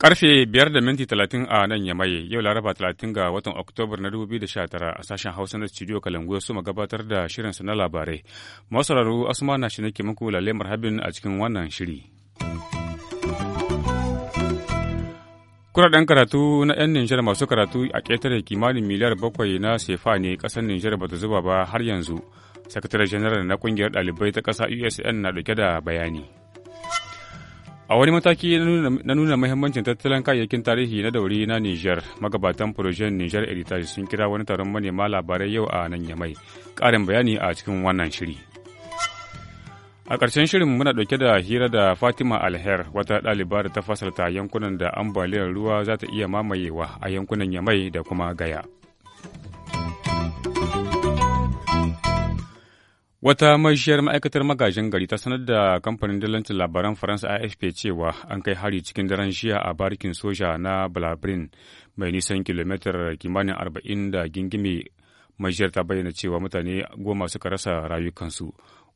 Karfe biyar da minti talatin a nan Yamai, yau Laraba talatin ga watan Oktobar na 2019 a sashen Hausa na Studio Kalangu su gabatar da shirin su na labarai. Masu sauraro Asuma na shi nake muku lalle marhabin a cikin wannan shiri. Kuraɗen karatu na 'yan Nijar masu karatu a ƙetare kimanin miliyar bakwai na sefa ne ƙasar Nijar ba ta zuba ba har yanzu. Sakataren janar na ƙungiyar ɗalibai ta ƙasa USN na ɗauke da bayani. A wani mataki na nuna mahimmancin tattalin kayayyakin tarihi na dauri na Nijar, magabatan furojen Nijar Heritage sun kira wani taron manema labarai yau a nan ya mai Ƙarin bayani a cikin wannan shiri. A ƙarshen shirin muna ɗauke da hira da Fatima Alher wata ɗaliba da ta fasalta yankunan da ambaliyar ruwa za ta iya mamayewa a yankunan Yamai da kuma Gaya. Wata mashiyar ma'aikatar magajin gari ta sanar da kamfanin dalancin labaran Faransa AFP cewa an kai hari cikin daren shiya a barikin soja na Blabrin mai nisan kilomitar kimanin arba'in da gingime mashiyar ta bayyana cewa mutane goma suka rasa rayukansu.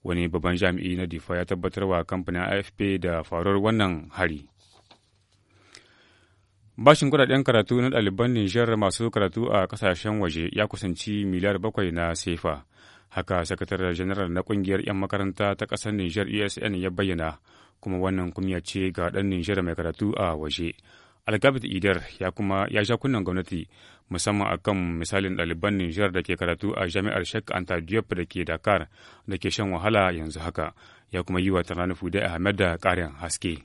wani babban jami'i na difa ya tabbatar wa kamfanin afp da faruwar wannan hari bashin kudaden karatu na ɗaliban nijar masu karatu a kasashen waje ya kusanci miliyar bakwai na sefa haka sakataren janar na kungiyar 'yan makaranta ta ƙasar niger esn ya bayyana kuma wannan kumya ce ga ɗan nijar mai karatu a waje algabit idar ya kuma ya sha kunnen gwamnati musamman akan misalin ɗaliban nijar da ke karatu a jami'ar shek anta diop da ke dakar da ke shan wahala yanzu haka ya kuma yi wa Tanani Fude Ahmed da ƙarin haske.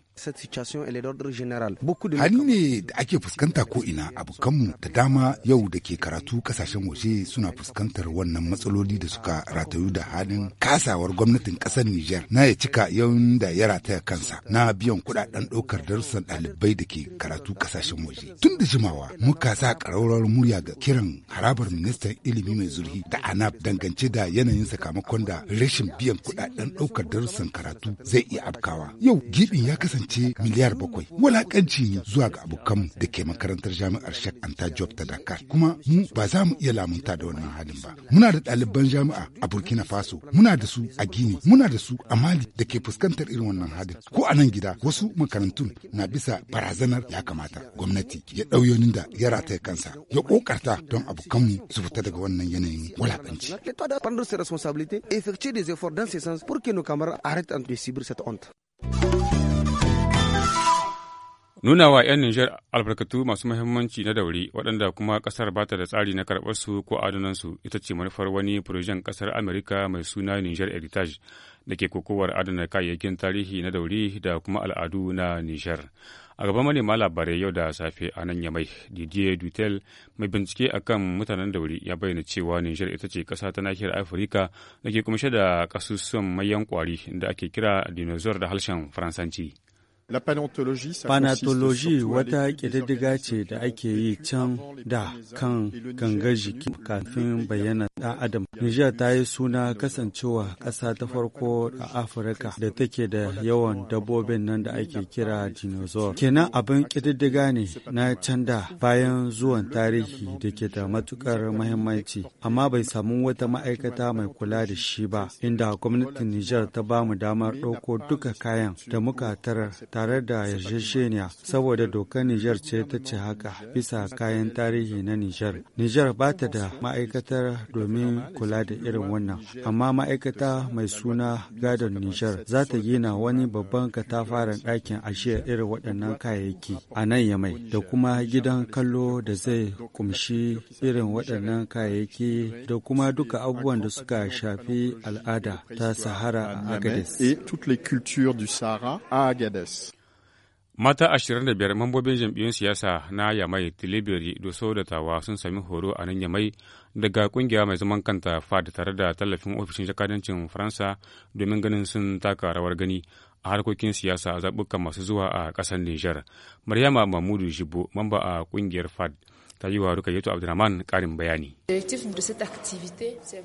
Hali ne da ake fuskanta ko ina abokanmu da dama yau da ke karatu kasashen waje suna fuskantar wannan matsaloli da suka ratayu da halin kasawar gwamnatin kasar Nijar na ya cika yawan da ya rataya kansa na biyan kudaden ɗaukar darussan ɗalibai da ke karatu kasashen waje. Tun da jimawa muka sa ƙararrawar murya ga kiran harabar ministan ilimi mai zurfi da anab. dangance da yanayin sakamakon da rashin biyan kuɗaɗen ɗaukar darussan asusun karatu zai iya afkawa yau gibin ya kasance miliyar bakwai walakanci ne zuwa ga abokanmu da ke makarantar jami'ar shek anta job ta dakar kuma mu ba za mu iya lamunta da wannan halin ba muna da ɗaliban jami'a a burkina faso muna da su a gini muna da su a mali da ke fuskantar irin wannan halin ko a nan gida wasu makarantun na bisa barazanar ya kamata gwamnati ya ɗauyonin da ya ya kansa ya ƙoƙarta don abokanmu su fita daga wannan yanayin walakanci. arrête de cette honte. Nuna wa 'yan Nijar albarkatu masu muhimmanci na dauri waɗanda kuma ƙasar ta da tsari na karɓarsu ko adanansu ita ce manufar wani furojen ƙasar Amerika mai suna Nijar Heritage da ke kokowar adana kayayyakin tarihi na dauri da kuma al'adu na Nijar. a gaban manema labarai yau da safe a nan ya mai didier dutel mai bincike akan mutanen da wuri ya bayyana cewa nijar ita ce ƙasa ta nahiyar afirka da ke kumshe da ƙasusuwan mayan kwari da ake kira dinosaur da harshen faransanci Panatology wata ƙididdiga ce da ake yi can da kan gangar jiki kafin bayyana ɗan adam. Nijar ta yi suna kasancewa ƙasa ta farko a Afirka da take da yawan dabbobin nan da ake kira dinosaur. Kenan abin ƙididdiga ne na can da bayan zuwan tarihi da ke da matuƙar mahimmanci, amma bai samu wata ma'aikata mai kula da shi ba, inda gwamnatin Nijar ta ba mu damar ɗauko duka kayan da muka tarar ta tare da yarjejeniya saboda dokar Nijar ce ta ce haka bisa kayan tarihi na Nijar. Nijar ba ta da ma'aikatar domin kula da irin wannan, amma ma'aikata mai suna gadon Nijar za ta gina wani babban katafaren ɗakin ashe irin waɗannan kayayyaki a nan Yamai da kuma gidan kallo da zai kumshi irin waɗannan kayayyaki da kuma duka abubuwan da suka shafi al'ada ta Sahara a agades. Et toutes les cultures du Mata 25 mambobin jam'iyyun siyasa na Yamai, Tilibiri, Doso da Tawa sun sami horo a nan Yamai daga kungiya mai zaman kanta FAD tare da tallafin ofishin jakadancin Faransa domin ganin sun taka rawar gani a harkokin siyasa a zaɓuka masu zuwa a ƙasar Nijar. Maryama mamudu Jibo, mamba a kungiyar FAD, ta yi wa Rukayyatu Abdulrahman ƙarin bayani.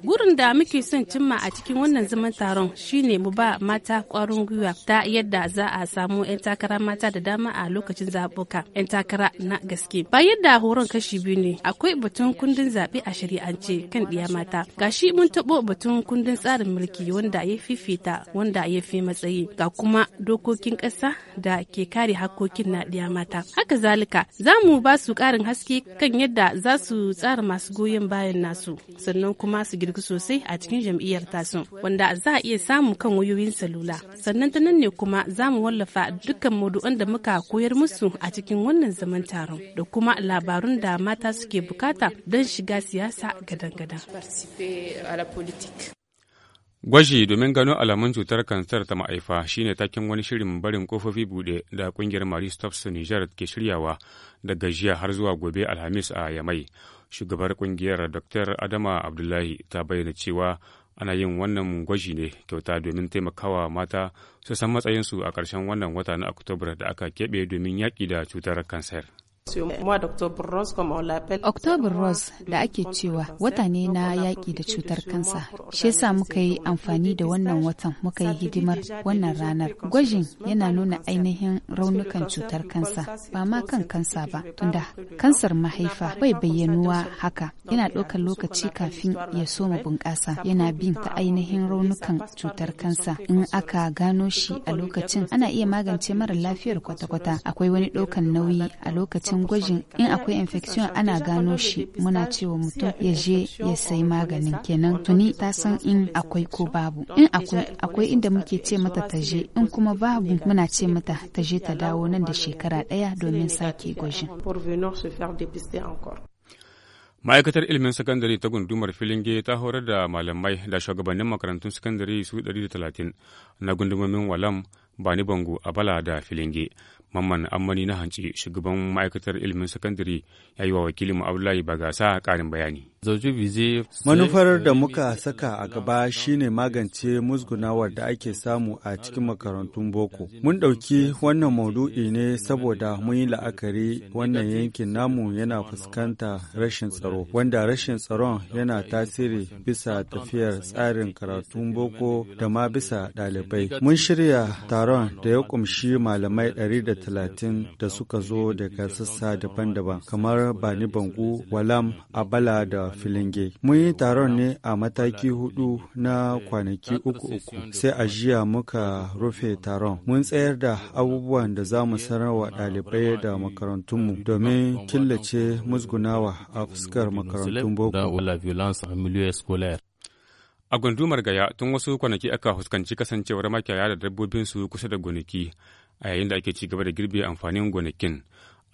Gurin da muke son cimma a cikin wannan zaman taron shine mu ba mata ƙwarin gwiwa ta yadda za a samu 'yan takara mata da dama a lokacin zaɓuka 'yan takara na gaske. Bayan da horon kashi biyu ne akwai batun kundin zaɓe a shari'ance kan ɗiya mata. shi mun taɓo batun kundin tsarin mulki wanda ya fifita wanda ya fi matsayi ga kuma dokokin ƙasa da ke kare hakkokin na ɗiya mata. Haka zalika za mu ba su ƙarin haske kan yadda za su tsara masu goyon bayan nasu sannan kuma su girgi sosai a cikin jam'iyyar tasu wanda za a iya samu kan wayoyin salula sannan ta nan ne kuma za mu wallafa dukkan madu'an da muka koyar musu a cikin wannan zaman taron da kuma labarun da mata suke bukata don shiga siyasa gadan-gadan. Gwaji domin gano alamun cutar kansar ta ma'aifa shine taken wani shirin barin kofofi buɗe da ƙungiyar Marie Stops Niger ke shiryawa daga jiya har zuwa gobe Alhamis a Yamai. Shugabar ƙungiyar Dr. Adama Abdullahi ta bayyana cewa ana yin wannan gwaji ne kyauta domin taimakawa mata su san matsayinsu a ƙarshen wannan wata na Oktobar da aka keɓe domin yaƙi da cutar kansar. Oktobar Rose da ake cewa wata ne na yaƙi da cutar kansa. Shi yasa muka yi amfani da wannan watan muka yi hidimar wannan ranar. Gwajin yana nuna ainihin raunukan cutar kansa ba ma kan kansa ba tunda kansar mahaifa bai bayyanuwa haka yana ɗaukar lokaci kafin ya soma bunƙasa yana bin ta ainihin raunukan cutar kansa in aka gano shi a lokacin ana iya magance mara lafiyar kwata-kwata akwai wani ɗaukan nauyi a lokacin kafin gwajin in akwai infection ana gano shi muna cewa mutum ya je ya sayi maganin kenan tuni ta san in akwai ko babu in akwai akwai inda muke ce mata ta je in kuma babu muna ce mata ta je ta dawo nan da shekara daya domin sake gwajin ma'aikatar ilimin sakandare ta gundumar filinge ta horar da malamai da shugabannin makarantun sakandare su 130 na gundumomin walam bani bango a bala da filinge Mamman Ammani na hanci shugaban ma'aikatar ilimin sakandare ya yi wa wakilin Abdullahi Bagasa karin bayani. Manufar da muka saka a gaba shine magance musgunawar da ake samu a cikin makarantun boko. Mun ɗauki wannan maudu'i ne saboda mun yi la'akari wannan yankin namu yana fuskanta rashin tsaro, wanda rashin tsaron yana tasiri bisa tafiyar tsarin karatun boko da ma bisa ɗalibai. Mun shirya taron da ya kumshi malamai 130 da suka zo daga sassa daban-daban kamar Bani Bangu, Walam, Abala da filinge mun yi taron ne a mataki hudu na kwanaki uku uku sai a jiya muka rufe taron mun tsayar da abubuwan da za mu wa ɗalibai da makarantunmu domin killace musgunawa a fuskar makarantun boko a gundumar gaya tun wasu kwanaki aka fuskanci kasancewar makiyaya da dabbobinsu kusa da gonaki a yayin da ake ci gaba da girbe amfanin gonakin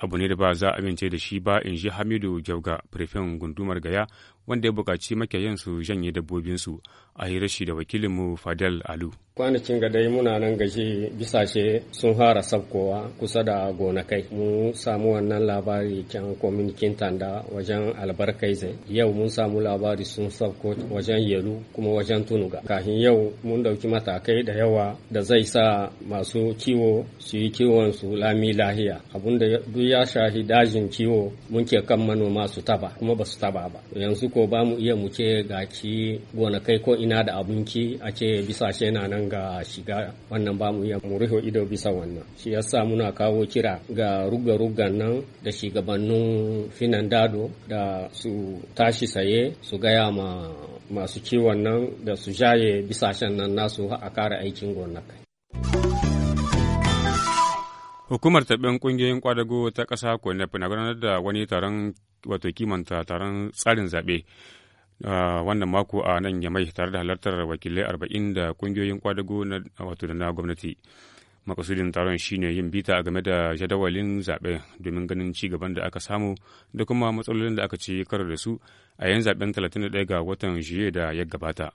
abu ne da ba za a amince da shi ba in ji hamidu jauga firfin gundumar gaya wanda ya buƙaci makiyayan su janye dabbobinsu a hira shi da wakilinmu Fadel Alu. Kwanakin gadai muna nan bisa bisashe sun fara sabkowa kusa da gonakai. Mun samu wannan labari can kwamunikin tanda wajen albarkaize. Yau mun samu labari sun sabko wajen yelu kuma wajen tunuga. Kafin yau mun dauki matakai da yawa da zai sa masu kiwo su yi kiwon su lami lahiya. Abunda duk ya shahi dajin kiwo mun ke kan manoma su taba kuma ba su taba ba. Yanzu ko ba mu iya mu ce ga ci gonakai ko ina da abinci a ce bisashe na nan ga shiga wannan ba mu iya mu rufe ido bisa wannan shi yasa muna kawo kira ga ruga rugan nan da shugabannin finan dado da su tashi saye su gaya ma masu kiwon nan da su jaye bisashen nan nasu a kara aikin gonakai Hukumar taɓin ƙungiyoyin ƙwadago ta ƙasa Konef na gudanar da wani taron wato kimanta taron tsarin zaɓe wannan mako a nan Yamai tare da halartar wakilai arba'in da ƙungiyoyin ƙwadago na wato da na gwamnati. Makasudin taron shine yin bita game da jadawalin zaɓe domin ganin ci gaban da aka samu da kuma matsalolin da aka ci karo da su a yan zaɓen talatin da ɗaya ga watan Juye da ya gabata.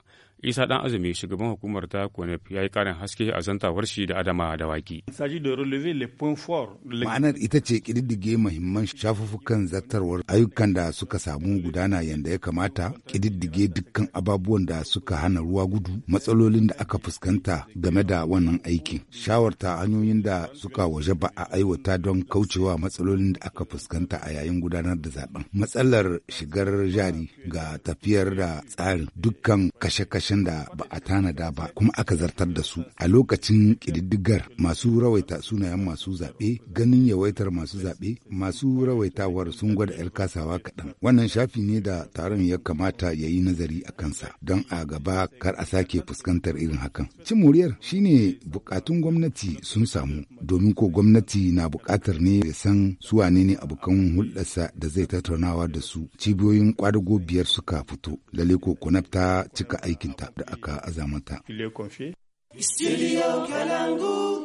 isa dan azumi shugaban hukumar ta konef ya yi karin haske a zantawar shi da adama da waki ma'anar ita ce kididdige mahimman shafuffukan zartarwar ayyukan da suka samu gudana yadda ya kamata kididdige dukkan ababuwan da suka hana ruwa gudu matsalolin da aka fuskanta game da wannan aikin shawarta hanyoyin da suka waje ba a aiwata don kaucewa matsalolin da aka fuskanta a yayin gudanar da zaben matsalar shigar jari ga tafiyar da tsarin dukkan kashe kashe lokacin da ba a tanada ba kuma aka zartar da su a lokacin ƙididdigar masu rawaita sunayen masu zaɓe ganin yawaitar masu zaɓe masu rawaitawar sun gwada 'yar kasawa kaɗan wannan shafi ne da taron ya kamata ya yi nazari a kansa don a gaba kar a sake fuskantar irin hakan cin muryar shine bukatun gwamnati sun samu domin ko gwamnati na bukatar ne ya san su wane ne abokan hulɗarsa da zai tattaunawa da su cibiyoyin kwadago biyar suka fito lalle ko ta cika aikin haƙƙinta da aka azamata. Studio Kalangu.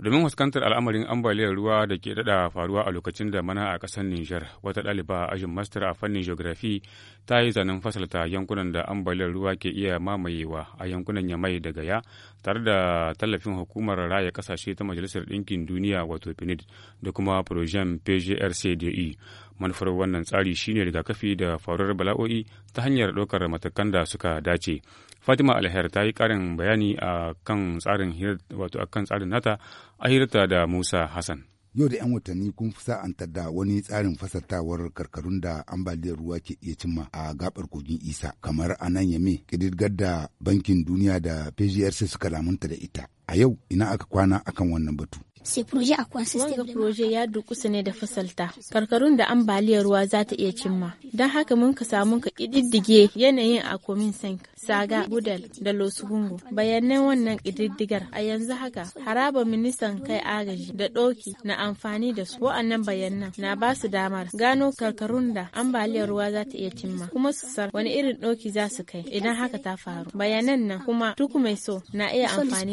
domin fuskantar al'amarin ambaliyar ruwa da ke dada faruwa a lokacin da mana a ƙasar Nijar wata ɗaliba a ajin master a fannin geography ta yi zanen fasalta yankunan da ambaliyar ruwa ke iya mamayewa a yankunan Yamai da Gaya tare da tallafin hukumar raya ƙasashe ta Majalisar Ɗinkin Duniya wato PNUD da kuma Projem PGRCDE manufar wannan tsari shine rigakafi da faruwar bala'o'i ta hanyar ɗaukar matakan da suka dace fatima alher ta yi karin bayani a kan tsarin wato a kan tsarin nata a hirta da musa hassan yau da 'yan watanni kun fi sa'anta da wani tsarin fasaltawar karkarun da ambaliyar ruwa ke iya cimma a gabar kogin isa kamar a nan yame ƙididgar da bankin duniya da pgrc suka lamunta da ita a yau ina aka kwana akan wannan batu Wanga proje ya su ne da fasalta karkarun da ambaliyar ruwa za ta iya cimma. Don haka mun ka samu ka ƙididdige yanayin a komin sank Saga, Gudel da losugungu. Bayanan wannan ƙididdigar a yanzu haka haraba ministan kai agaji da ɗoki na amfani da su wa'annan bayanan na ba su damar gano karkarun da ambaliyar ruwa za ta iya cimma kuma su sar wani irin ɗoki za su kai idan haka ta faru. Bayanan nan kuma duk mai so na iya amfani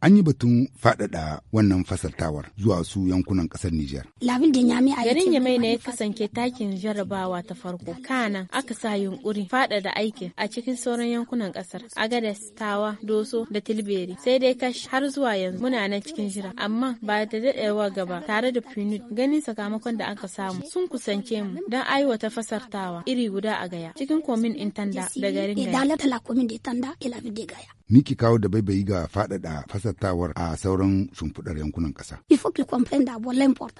An yi batun faɗaɗa wannan fasaltawar zuwa su yankunan ƙasar Nijar. Garin Yamai ne ya kasance takin jarabawa ta farko. Kana aka sa yunƙuri da aikin a cikin sauran yankunan ƙasar agades Tawa, Doso da Tilberi. Sai dai kash har zuwa yanzu muna nan cikin jira amma ba da daɗewa gaba tare da pinut. ganin sakamakon da aka samu sun kusance mu don aiwata fasartawa iri guda a gaya cikin komin Intanda da garin Gaya. Miki kawo da baibayi ga faɗaɗa fasattawar a sauran shimfiɗar yankunan ƙasa.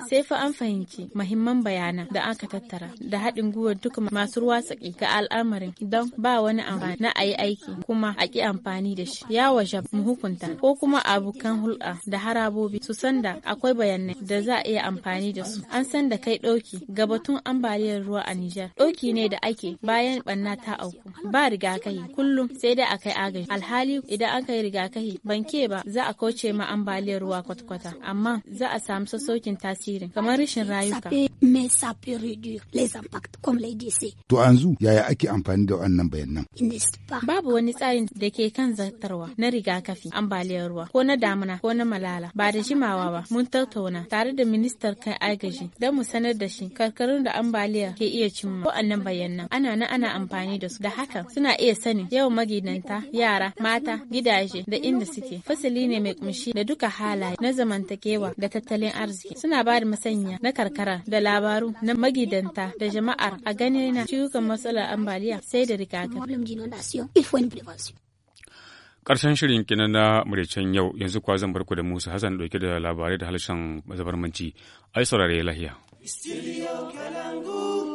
Sai fa an fahimci mahimman bayanan da aka tattara da haɗin gwiwar duka masu ruwa tsaki ga al'amarin don ba wani amfani na yi aiki kuma a ki amfani da shi ya waje mu hukunta ko kuma abokan hulɗa da harabobi su san da akwai bayanai da za a iya amfani da su an san da kai ɗauki ga batun ambaliyar ruwa a Nijar ɗauki ne da ake bayan ɓanna ta auku ba rigakafi kullum sai dai akai agaji alhali idan aka yi rigakafi banke ba za a kauce ma ambaliyar ruwa kwatkwata amma za a samu sassaukin tasirin kamar rashin rayuka. To yanzu yaya ake amfani da wannan bayanan. Babu wani tsarin da ke kan zartarwa na rigakafi ambaliyar ruwa ko na damuna ko na malala ba da jimawa ba mun tattauna tare da ministar kai agaji don mu sanar da shi karkarun da ambaliya ke iya cimma ko annan bayanan ana na ana amfani da su da haka suna iya sani yawan magidanta yara mata gidaje da inda suke fasali ne mai kumshi da duka halaye na zamantakewa da tattalin arziki suna ba da masanya na karkara da labaru na magidanta da jama'ar a gane na ciwukan matsalar ambaliya sai da rigakafi. Ƙarshen shirin kinan na muryacen yau yanzu kuwa zan barku da Musa Hassan dauke da labarai da harshen zabarmanci. Ai saurare lahiya.